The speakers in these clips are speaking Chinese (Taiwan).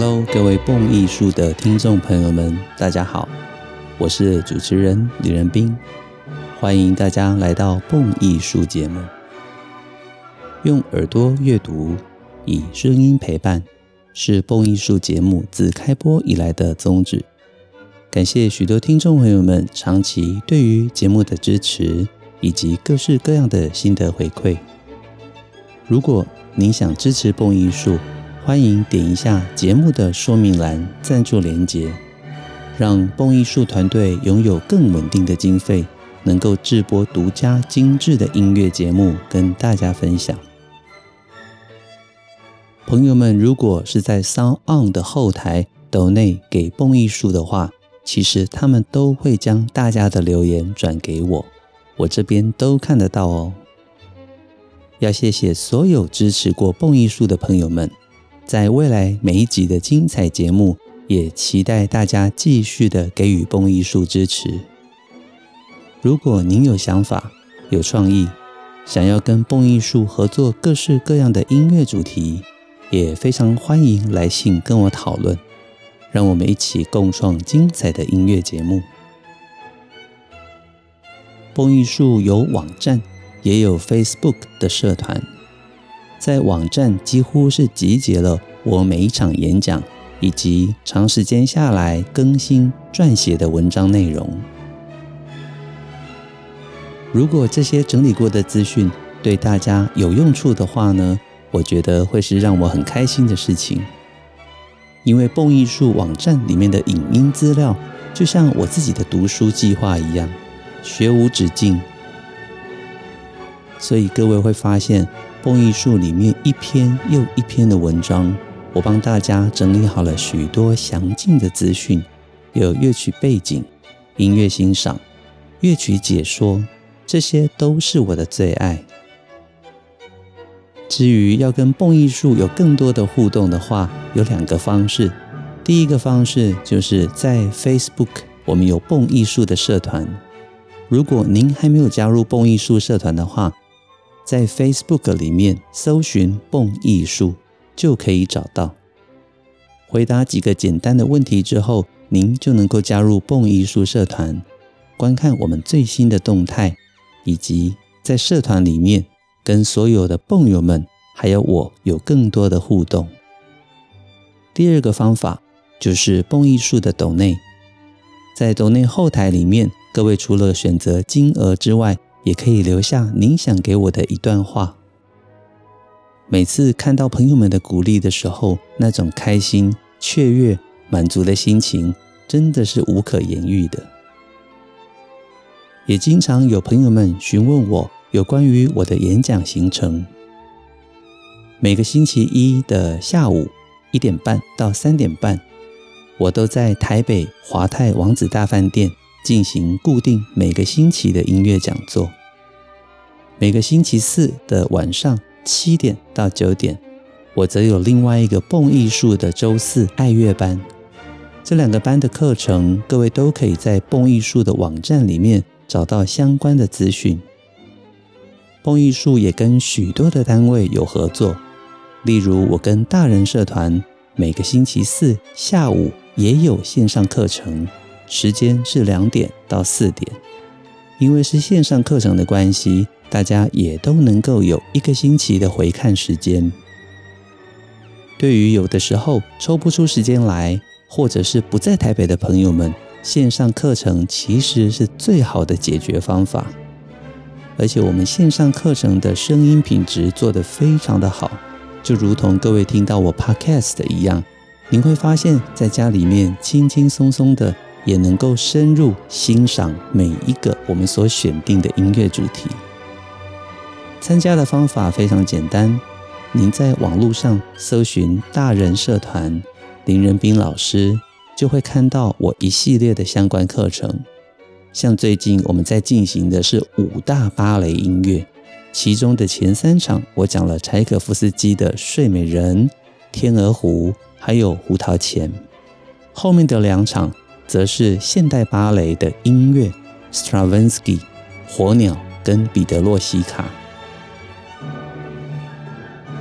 Hello，各位蹦藝術的聽眾朋友們，大家好，我是主持人林仁斌，歡迎大家來到蹦藝術節目。用耳朵閱讀，以聲音陪伴，是蹦藝術節目自開播以來的宗旨。感謝許多聽眾朋友們長期對於節目的支持，以及各式各樣的心得回饋。如果您想支持蹦藝術，歡迎點一下節目的說明欄贊助連接，讓蹦藝術團隊擁有更穩定的經費，能夠製播獨家精緻的音樂節目跟大家分享。朋友們，如果是在 SoundOn 的後台斗內給蹦藝術的話，其實他們都會將大家的留言轉給我，我這邊都看得到哦。要謝謝所有支持過蹦藝術的朋友們。在未來每一集的精彩節目，也期待大家繼續的給予蹦藝術支持。如果您有想法、有創意，想要跟蹦藝術合作各式各樣的音樂主題，也非常歡迎來信跟我討論，讓我們一起共創精彩的音樂節目。蹦藝術有網站，也有 Facebook 的社團。在網站幾乎是集結了我每一場演講以及長時間下來更新撰寫的文章內容。如果這些整理過的資訊對大家有用處的話呢，我覺得會是讓我很開心的事情。因為蹦藝術網站裡面的影音資料，就像我自己的讀書計劃一樣，學無止境。所以各位會發現。蹦藝術裡面一篇又一篇的文章，我幫大家整理好了許多詳盡的資訊，有樂曲背景、音樂欣賞、樂曲解說，這些都是我的最愛。至於要跟蹦藝術有更多的互動的話，有兩個方式，第一個方式就是在 Facebook，我們有蹦藝術的社團，如果您還沒有加入蹦藝術社團的話，在 Facebook 裡面搜尋“蹦藝術”就可以找到。回答幾個簡單的問題之後，您就能夠加入蹦藝術社團，觀看我們最新的動態，以及在社團裡面跟所有的蹦友們還有我有更多的互動。第二個方法就是蹦藝術的抖內，在抖內後台裡面，各位除了選擇金額之外，也可以留下您想給我的一段話。每次看到朋友們的鼓勵的時候，那種開心、雀躍、滿足的心情，真的是無可言喻的。也經常有朋友們詢問我有關於我的演講行程。每個星期一的下午一點半到三點半，我都在台北華泰王子大飯店進行固定每個星期的音樂講座。每個星期四的晚上七點到九點，我則有另外一個蹦藝術的周四愛樂班。這兩個班的課程，各位都可以在蹦藝術的網站裡面找到相關的資訊。蹦藝術也跟許多的單位有合作，例如我跟大人社團，每個星期四下午也有線上課程，時間是兩點到四點。因為是線上課程的關係，大家也都能夠有一個星期的回看時間。對於有的時候抽不出時間來，或者是不在台北的朋友們，線上課程其實是最好的解決方法。而且我們線上課程的聲音品質做得非常的好，就如同各位聽到我 Podcast 的一樣，您會發現在家裡面輕輕鬆鬆的也能夠深入欣賞每一個我們所選定的音樂主題。參加的方法非常簡單，您在網絡上搜尋“大人社團林仁斌老師”，就會看到我一系列的相關課程。像最近我們在進行的是五大芭蕾音樂，其中的前三場我講了柴可夫斯基的《睡美人》、《天鵝湖》還有《胡桃鉗》，後面的兩場則是現代芭蕾的音樂，Stravinsky《火鳥》跟彼得洛西卡。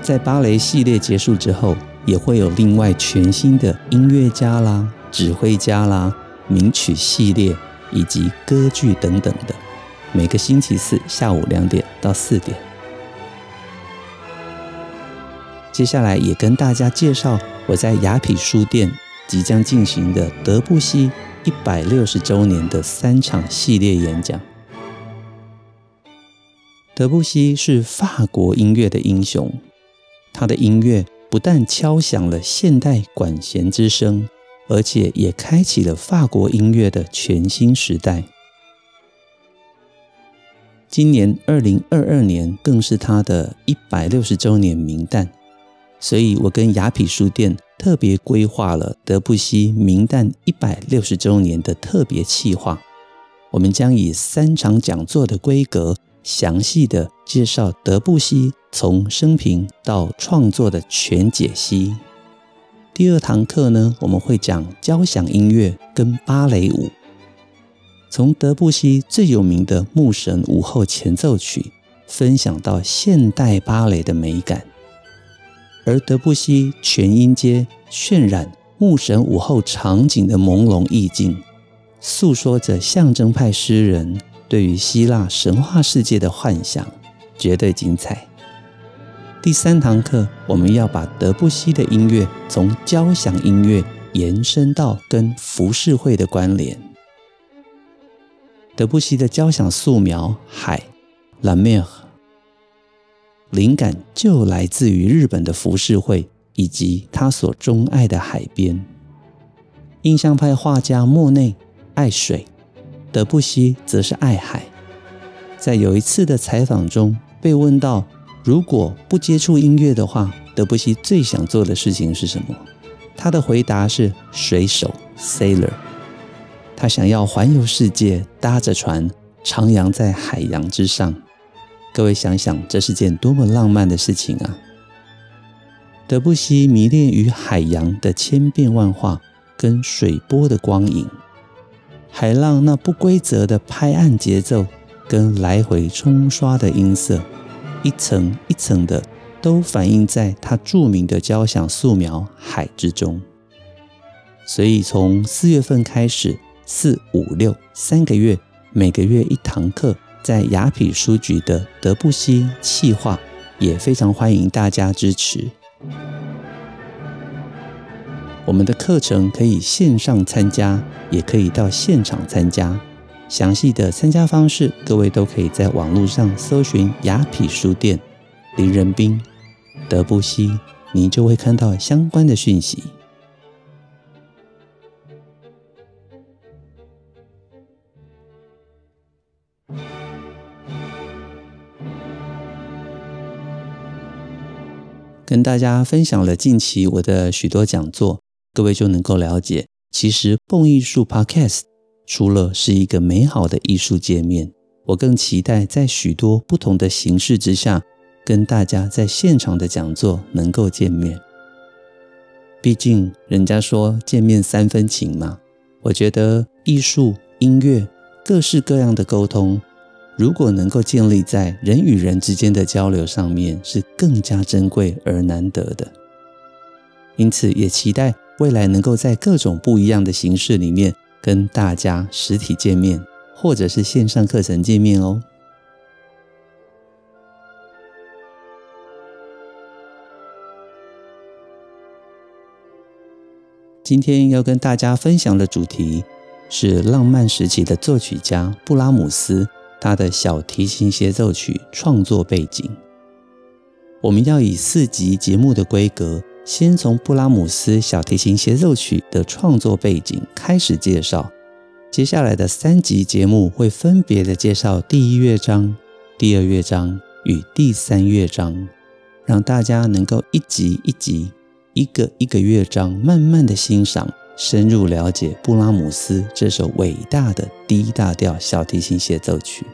在芭蕾系列結束之後，也會有另外全新的音樂家啦、指揮家啦、名曲系列以及歌劇等等的。每個星期四下午兩點到四點。接下來也跟大家介紹我在雅痞書店即將進行的德布西一百六十周年的三場系列演講。德布西是法國音樂的英雄。他的音樂不但敲響了現代管弦之聲，而且也開啟了法國音樂的全新時代。今年二零二二年更是他的一百六十周年冥誕，所以我跟雅痞書店特別規劃了德布西冥誕一百六十周年的特別企劃，我們將以三場講座的規格，詳細的介紹德布西。從生平到創作的全解析。第二堂課呢，我們會講交響音樂跟芭蕾舞，從德布西最有名的《牧神午後前奏曲》分享到現代芭蕾的美感。而德布西全音階渲染《牧神午後》場景的朦朧意境，訴說着象徵派詩人對於希臘神話世界的幻想，絕對精彩。第三堂課，我們要把德布西的音樂從交響音樂延伸到跟浮世繪的關聯。德布西的交響素描《海》，La Mer，靈感就來自於日本的浮世繪以及他所鍾愛的海邊。印象派畫家莫內愛水，德布西則是愛海。在有一次的採訪中，被問到。如果不接觸音樂的話，德布西最想做的事情是什麼？他的回答是水手 （sailor）。他想要環遊世界，搭着船徜徉在海洋之上。各位想想，這是件多麼浪漫的事情啊！德布西迷戀於海洋的千變萬化跟水波的光影，海浪那不規則的拍岸節奏跟來回沖刷的音色。一層一層的，都反映在他著名的交響素描海之中。所以從四月份開始，四五六三個月，每個月一堂課，在雅痞書局的德布西企畫，也非常歡迎大家支持。我們的課程可以線上參加，也可以到現場參加。詳細的參加方式，各位都可以在網絡上搜尋“雅痞書店”、“林仁斌”、“德布西”，你就會看到相關的訊息。跟大家分享了近期我的許多講座，各位就能夠了解，其實“蹦藝術 ”Podcast。除了是一個美好的藝術界面，我更期待在許多不同的形式之下，跟大家在現場的講座能夠見面。畢竟人家說見面三分情嘛。我覺得藝術、音樂、各式各樣的溝通，如果能夠建立在人與人之間的交流上面，是更加珍貴而難得的。因此，也期待未來能夠在各種不一樣的形式裡面。跟大家實體見面，或者是線上課程見面哦。今天要跟大家分享的主題是浪漫時期的作曲家布拉姆斯，他的小提琴協奏曲創作背景。我們要以四集節目的規格。先從布拉姆斯小提琴協奏曲的創作背景開始介紹，接下來的三集節目會分別的介紹第一樂章、第二樂章與第三樂章，讓大家能夠一集一集、一個一個樂章慢慢的欣賞，深入了解布拉姆斯這首偉大的 D 大調小提琴協奏曲。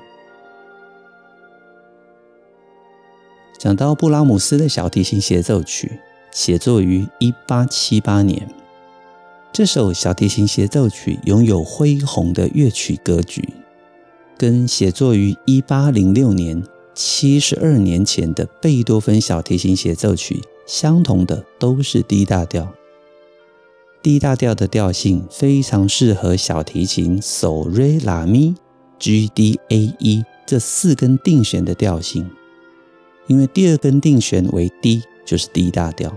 講到布拉姆斯的小提琴協奏曲，寫作於一八七八年，這首小提琴協奏曲擁有恢宏的樂曲格局，跟寫作於一八零六年七十二年前的貝多芬小提琴協奏曲相同的都是 D 大調。D 大調的調性非常適合小提琴 So Re、La、Mi G、D、A、E 這四根定弦的調性，因為第二根定弦為 D。就是 D 大調，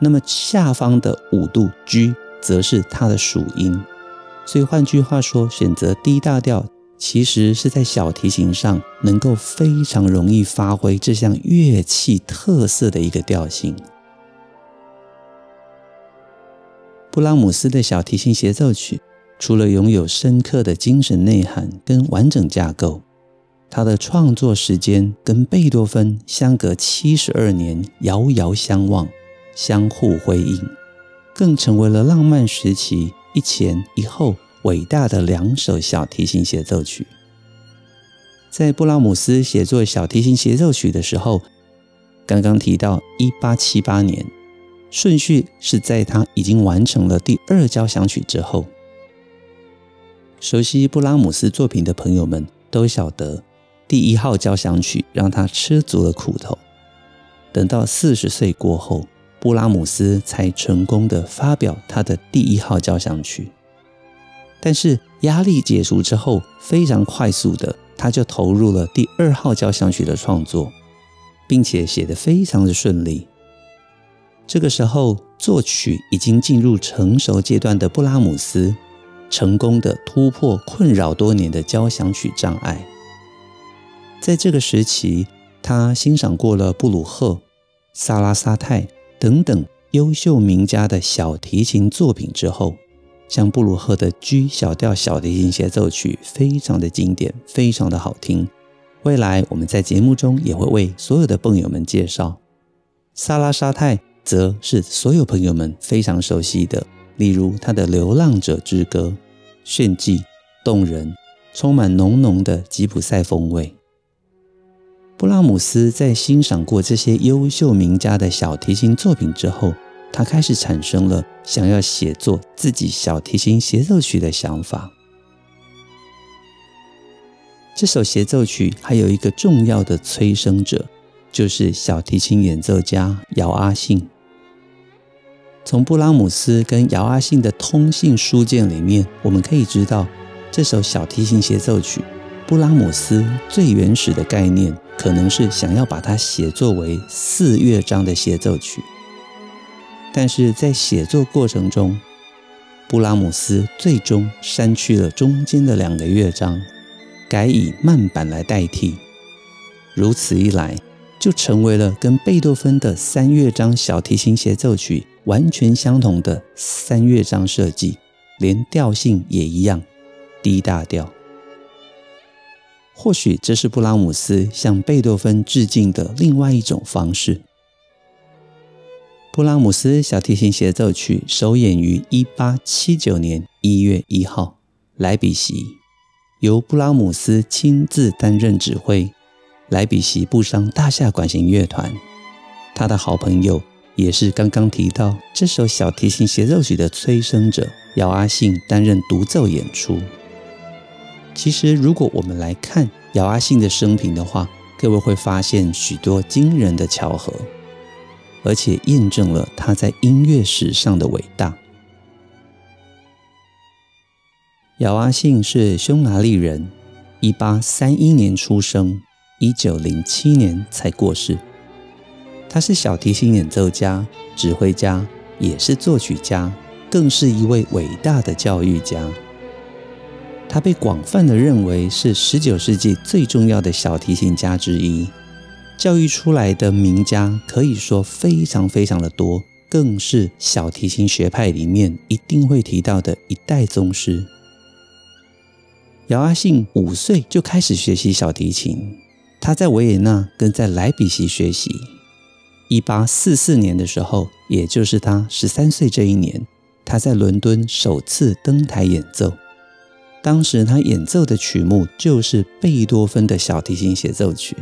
那麼下方的五度 G 則是它的屬音，所以換句話說，選擇 D 大調其實是在小提琴上能夠非常容易發揮這項樂器特色的一個調性。布拉姆斯的小提琴協奏曲除了擁有深刻的精神內涵跟完整架構。他的創作時間跟貝多芬相隔七十二年，遙遙相望，相互輝映，更成為了浪漫時期一前一後偉大的兩首小提琴協奏曲。在布拉姆斯寫作小提琴協奏曲的時候，剛剛提到一八七八年，順序是在他已經完成了第二交響曲之後。熟悉布拉姆斯作品的朋友們都曉得。第一號交響曲讓他吃足了苦頭。等到四十歲過後，布拉姆斯才成功的發表他的第一號交響曲。但是壓力解除之後，非常快速的他就投入了第二號交響曲的創作，並且寫得非常的順利。這個時候，作曲已經進入成熟階段的布拉姆斯，成功的突破困擾多年的交響曲障礙。在這個時期，他欣賞過了布魯赫、薩拉薩泰等等優秀名家的小提琴作品之後，像布魯赫的 G 小調小提琴協奏曲，非常的經典，非常的好聽。未來我們在節目中也會為所有的朋友們介紹。薩拉薩泰則是所有朋友們非常熟悉的，例如他的《流浪者之歌》，炫技動人，充滿濃濃的吉普賽風味。布拉姆斯在欣賞過這些優秀名家的小提琴作品之後，他開始產生了想要寫作自己小提琴協奏曲的想法。這首協奏曲還有一個重要的催生者，就是小提琴演奏家姚阿幸。從布拉姆斯跟姚阿幸的通信書信裡面，我們可以知道這首小提琴協奏曲。布拉姆斯最原始的概念可能是想要把它寫作為四樂章的協奏曲，但是在寫作過程中，布拉姆斯最終刪去了中間的兩個樂章，改以慢板來代替。如此一來，就成為了跟貝多芬的三樂章小提琴協奏曲完全相同的三樂章設計，連調性也一樣，D 大調。或許這是布拉姆斯向貝多芬致敬的另外一種方式。布拉姆斯小提琴協奏曲首演於1879年1月1號，萊比錫，由布拉姆斯親自擔任指揮，萊比錫布商大廈管絃樂團，他的好朋友，也是剛剛提到這首小提琴協奏曲的催生者，姚阿幸擔任獨奏演出。其實，如果我們來看姚阿幸的生平的話，各位會發現許多驚人的巧合，而且印證了他在音樂史上的偉大。姚阿幸是匈牙利人，一八三一年出生，一九零七年才過世。他是小提琴演奏家、指揮家，也是作曲家，更是一位偉大的教育家。他被廣泛的認為是十九世紀最重要的小提琴家之一，教育出來的名家可以說非常非常的多，更是小提琴學派裡面一定會提到的一代宗師。姚阿幸五歲就開始學習小提琴，他在維也納跟在萊比錫學習。一八四四年的時候，也就是他十三歲這一年，他在倫敦首次登台演奏。當時他演奏的曲目就是貝多芬的小提琴協奏曲。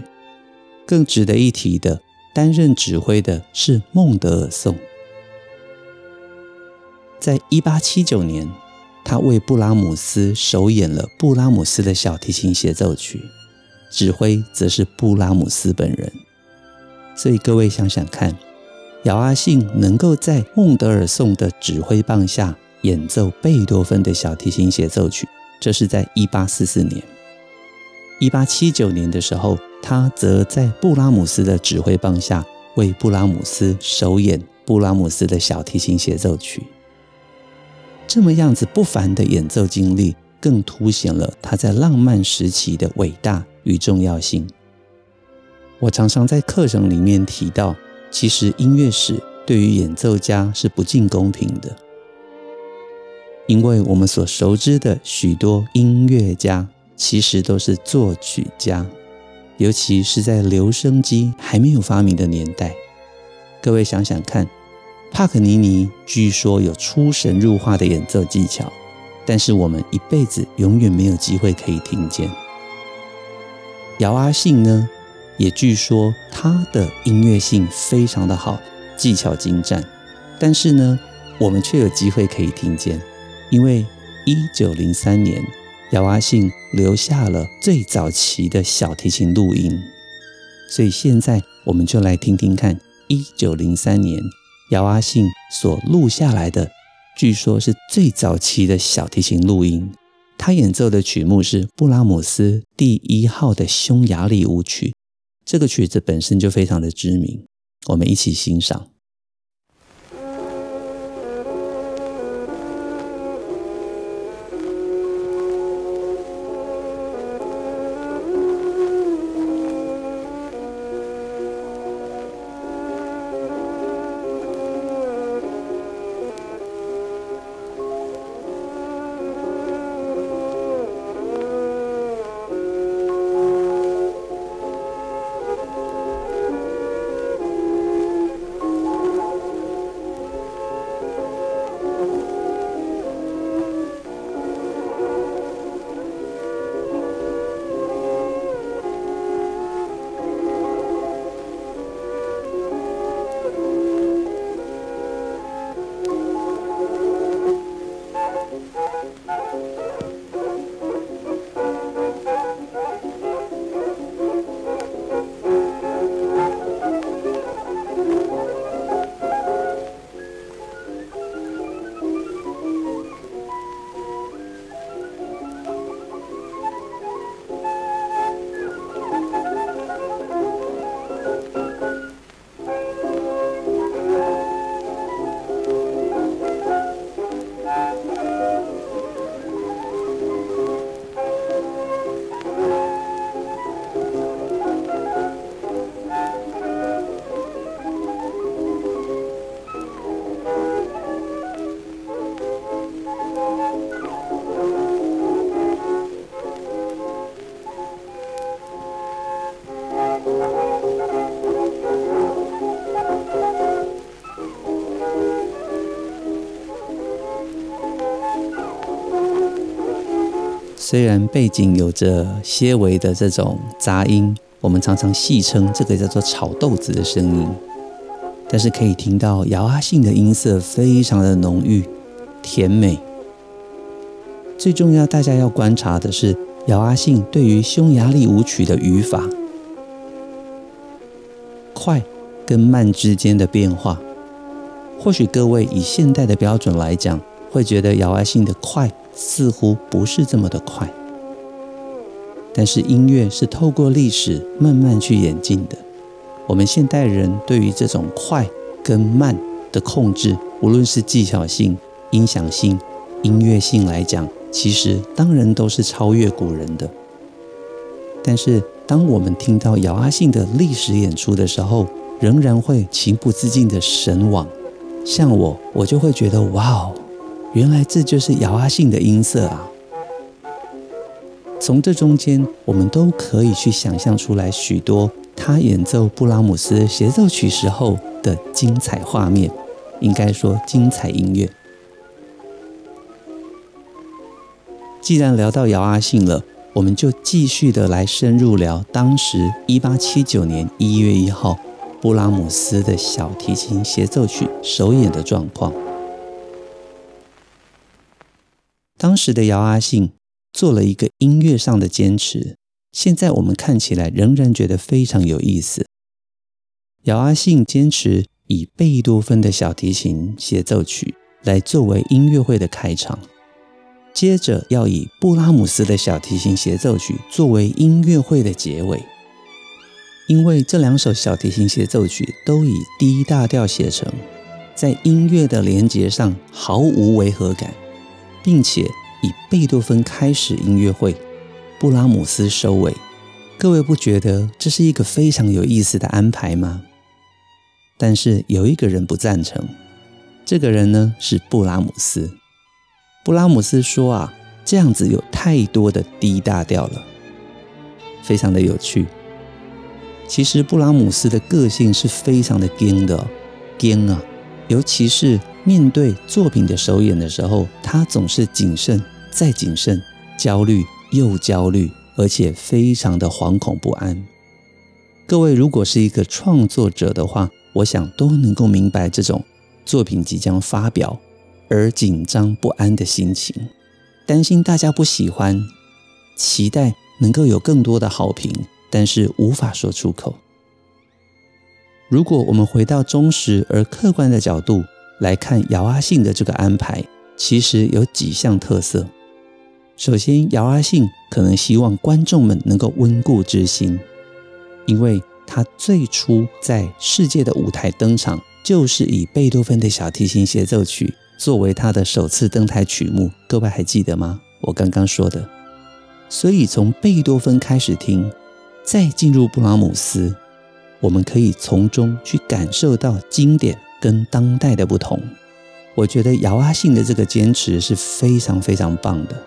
更值得一提的，擔任指揮的是孟德爾頌。在一八七九年，他為布拉姆斯首演了布拉姆斯的小提琴協奏曲，指揮則是布拉姆斯本人。所以各位想想看，姚阿幸能夠在孟德爾頌的指揮棒下演奏貝多芬的小提琴協奏曲。這是在1844年、1879年的時候，他則在布拉姆斯的指揮棒下為布拉姆斯首演布拉姆斯的小提琴協奏曲。這麼樣子不凡的演奏經歷，更凸顯了他在浪漫時期的偉大與重要性。我常常在課程裡面提到，其實音樂史對於演奏家是不盡公平的。因為我們所熟知的許多音樂家，其實都是作曲家，尤其是在留聲機還沒有發明的年代。各位想想看，帕格尼尼據說有出神入化的演奏技巧，但是我們一輩子永遠沒有機會可以聽見。姚阿幸呢，也據說他的音樂性非常的好，技巧精湛，但是呢，我們卻有機會可以聽見。因為一九零三年，姚阿幸留下了最早期的小提琴錄音，所以現在我們就來聽聽看一九零三年姚阿幸所錄下來的，據說是最早期的小提琴錄音。他演奏的曲目是布拉姆斯第一號的匈牙利舞曲，這個曲子本身就非常的知名，我們一起欣賞。雖然背景有着些微的這種雜音，我們常常戲稱這個叫做“炒豆子”的聲音，但是可以聽到姚阿幸的音色非常的濃郁甜美。最重要，大家要觀察的是姚阿幸對於匈牙利舞曲的語法，快跟慢之間的變化。或許各位以現代的標準來講，會覺得姚阿幸的快。似乎不是這麼的快，但是音樂是透過歷史慢慢去演進的。我們現代人對於這種快跟慢的控制，無論是技巧性、音響性、音樂性來講，其實當然都是超越古人的。但是當我們聽到姚阿幸的歷史演出的時候，仍然會情不自禁的神往。像我，我就會覺得哇哦。原來這就是姚阿幸的音色啊！從這中間，我們都可以去想象出來許多他演奏布拉姆斯協奏曲時候的精彩畫面，應該說精彩音樂。既然聊到姚阿幸了，我們就繼續的來深入聊當時1879年1月1號布拉姆斯的小提琴協奏曲首演的狀況。當時的姚阿幸做了一個音樂上的堅持，現在我們看起來仍然覺得非常有意思。姚阿幸堅持以貝多芬的小提琴協奏曲來作為音樂會的開場，接着要以布拉姆斯的小提琴協奏曲作為音樂會的結尾，因為這兩首小提琴協奏曲都以 D 大調寫成，在音樂的連接上毫無違和感。並且以貝多芬開始音樂會，布拉姆斯收尾。各位不覺得這是一個非常有意思的安排嗎？但是有一個人不贊成，這個人呢是布拉姆斯。布拉姆斯說啊，這樣子有太多的 D 大調了，非常的有趣。其實布拉姆斯的個性是非常的癲的癲、哦、啊，尤其是。面對作品的首演的時候，他總是謹慎再謹慎，焦慮又焦慮，而且非常的惶恐不安。各位如果是一個創作者的話，我想都能夠明白這種作品即將發表而緊張不安的心情，擔心大家不喜歡，期待能夠有更多的好評，但是無法說出口。如果我們回到忠實而客觀的角度。來看姚阿幸的這個安排，其實有幾項特色。首先，姚阿幸可能希望觀眾們能夠溫故知新，因為他最初在世界的舞台登場，就是以貝多芬的小提琴協奏曲作為他的首次登台曲目。各位還記得嗎？我剛剛說的。所以從貝多芬開始聽，再進入布拉姆斯，我們可以從中去感受到經典。跟當代的不同，我覺得姚阿幸的這個堅持是非常非常棒的。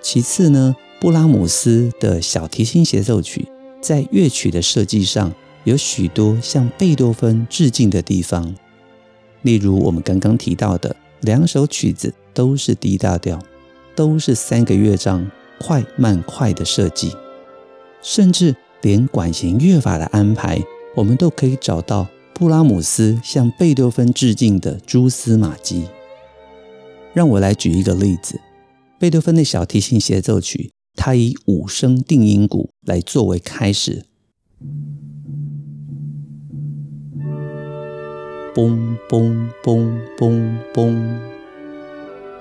其次呢，布拉姆斯的小提琴協奏曲在樂曲的設計上有許多向貝多芬致敬的地方，例如我們剛剛提到的，兩首曲子都是 D 大調，都是三個樂章快慢快的設計，甚至連管弦樂法的安排，我們都可以找到。布拉姆斯向貝多芬致敬的蛛絲馬跡，讓我來舉一個例子：貝多芬的小提琴協奏曲，他以五聲定音鼓來作為開始，嘣嘣嘣嘣嘣。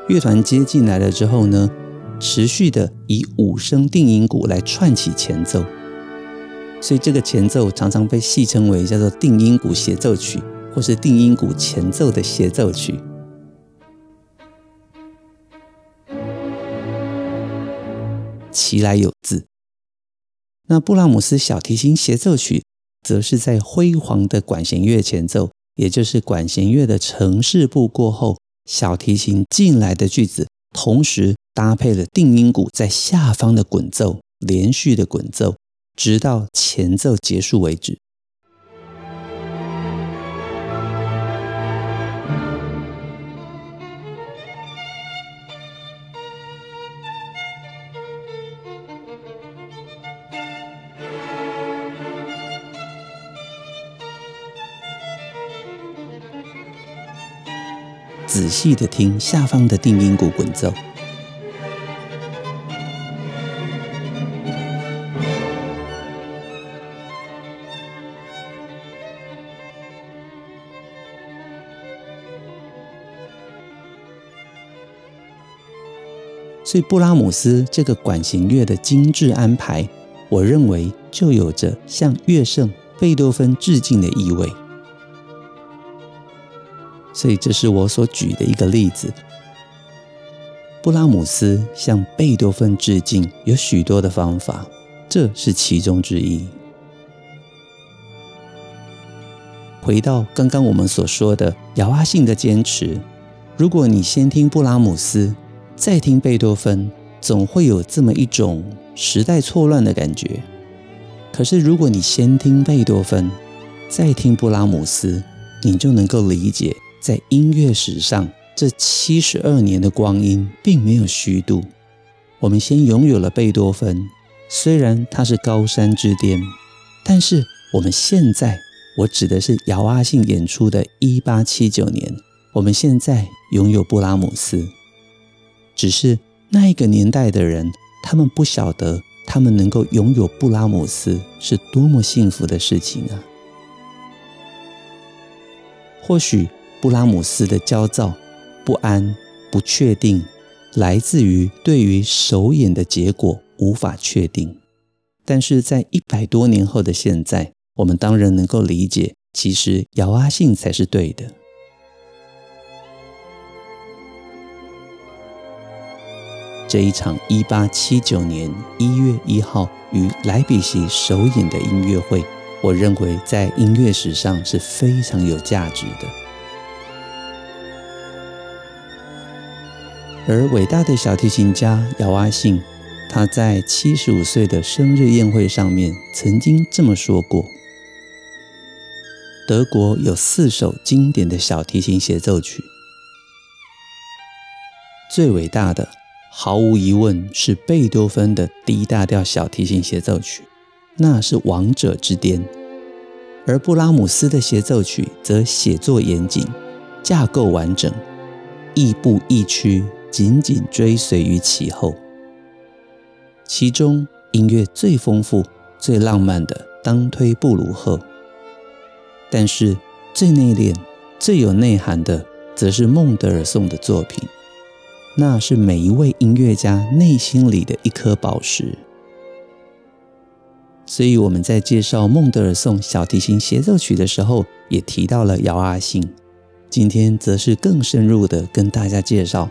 樂團接進來了之後呢，持續的以五聲定音鼓來串起前奏。所以這個前奏常常被戲稱為叫做定音鼓協奏曲，或是定音鼓前奏的協奏曲。其來有自。那布拉姆斯小提琴協奏曲，則是在輝煌的管弦樂前奏，也就是管弦樂的呈示部過後，小提琴進來的句子，同時搭配了定音鼓在下方的滾奏，連續的滾奏。直到前奏結束為止。仔細的聽下方的定音鼓滾奏。所以，布拉姆斯這個管弦樂的精致安排，我認為就有着向樂聖貝多芬致敬的意味。所以，這是我所舉的一個例子。布拉姆斯向貝多芬致敬有許多的方法，這是其中之一。回到剛剛我們所說的姚阿幸的堅持，如果你先聽布拉姆斯。再聽貝多芬，總會有這麼一種時代錯亂的感覺。可是，如果你先聽貝多芬，再聽布拉姆斯，你就能夠理解，在音樂史上這七十二年的光陰並沒有虛度。我們先擁有了貝多芬，雖然他是高山之巔，但是我們現在，我指的是姚阿幸演出的1879年，我們現在擁有布拉姆斯。只是那一個年代的人，他們不曉得他們能夠擁有布拉姆斯是多麼幸福的事情啊！或許布拉姆斯的焦躁、不安、不確定，來自於對於首演的結果無法確定。但是在一百多年後的現在，我們當然能夠理解，其實姚阿幸才是對的。這一場一八七九年一月一號於萊比錫首演的音樂會，我認為在音樂史上是非常有價值的。而偉大的小提琴家姚阿幸，他在七十五歲的生日宴會上面曾經這麼說過：德國有四首經典的小提琴協奏曲，最偉大的。毫無疑問是貝多芬的《D 大調小提琴協奏曲》，那是王者之巔；而布拉姆斯的協奏曲則寫作嚴謹，架構完整，亦步亦趨，緊緊追隨於其後。其中音樂最豐富、最浪漫的當推布魯赫，但是最內斂、最有內涵的，則是孟德爾頌的作品。那是每一位音樂家內心裡的一顆寶石。所以我們在介紹孟德爾頌小提琴協奏曲的時候，也提到了姚阿幸。今天則是更深入的跟大家介紹，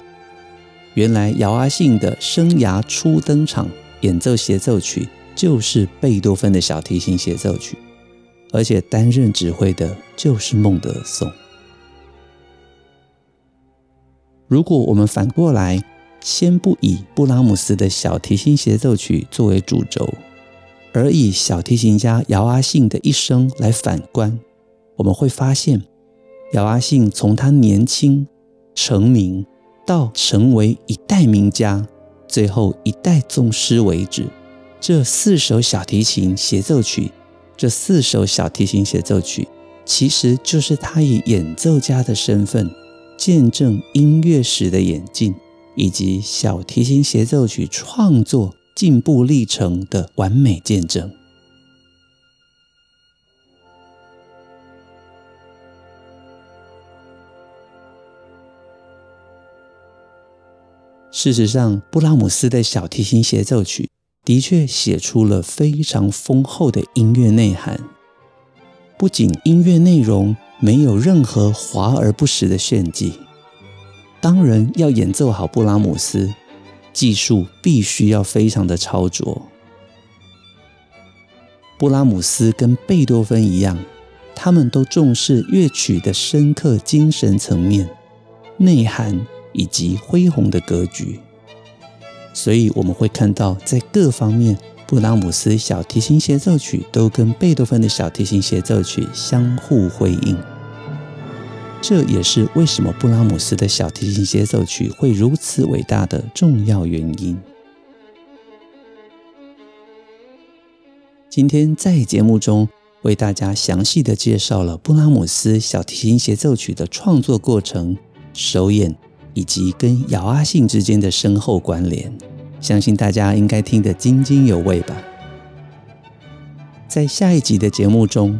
原來姚阿幸的生涯初登場演奏協奏曲就是貝多芬的小提琴協奏曲，而且擔任指揮的就是孟德爾頌。如果我們反過來，先不以布拉姆斯的小提琴協奏曲作為主軸，而以小提琴家姚阿幸的一生來反觀，我們會發現，姚阿幸從他年輕成名到成為一代名家，最後一代宗師為止，這四首小提琴協奏曲，這四首小提琴協奏曲，其實就是他以演奏家的身份。見證音樂史的演進，以及小提琴協奏曲創作進步歷程的完美見證。事實上，布拉姆斯的小提琴協奏曲的確寫出了非常豐厚的音樂內涵。不僅音樂內容沒有任何華而不實的炫技，當然要演奏好布拉姆斯，技術必須要非常的超卓。布拉姆斯跟貝多芬一樣，他們都重視樂曲的深刻精神層面、內涵以及恢宏的格局，所以我們會看到在各方面。布拉姆斯小提琴協奏曲都跟貝多芬的小提琴協奏曲相互輝映，這也是為什麼布拉姆斯的小提琴協奏曲會如此偉大的重要原因。今天在節目中為大家詳細的介紹了布拉姆斯小提琴協奏曲的創作過程、首演以及跟姚阿幸之間的深厚關聯。相信大家應該聽得津津有味吧？在下一集的節目中，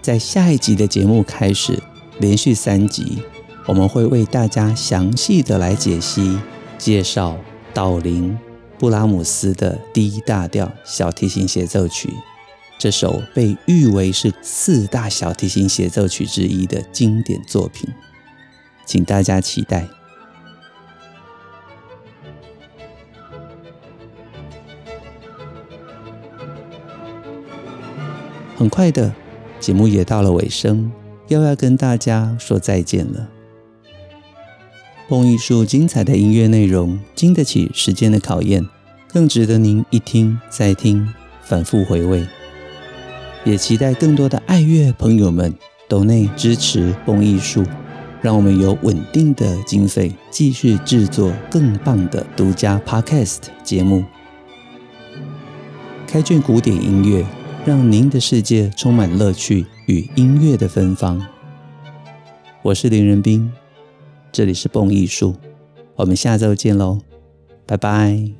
在下一集的節目開始，連續三集，我們會為大家詳細的來解析、介紹導聆布拉姆斯的《D 大調小提琴協奏曲》，這首被譽為是四大小提琴協奏曲之一的經典作品，請大家期待。很快的，節目也到了尾聲，又要，要跟大家說再見了。蹦藝術精彩的音樂內容，經得起時間的考驗，更值得您一聽再聽，反覆回味。也期待更多的愛樂朋友們，都能支持蹦藝術，讓我們有穩定的經費，繼續製作更棒的獨家 Podcast 節目。開卷古典音樂。讓您的世界充滿樂趣與音樂的芬芳。我是林仁斌，這裡是蹦藝術，我們下周見嘍，拜拜。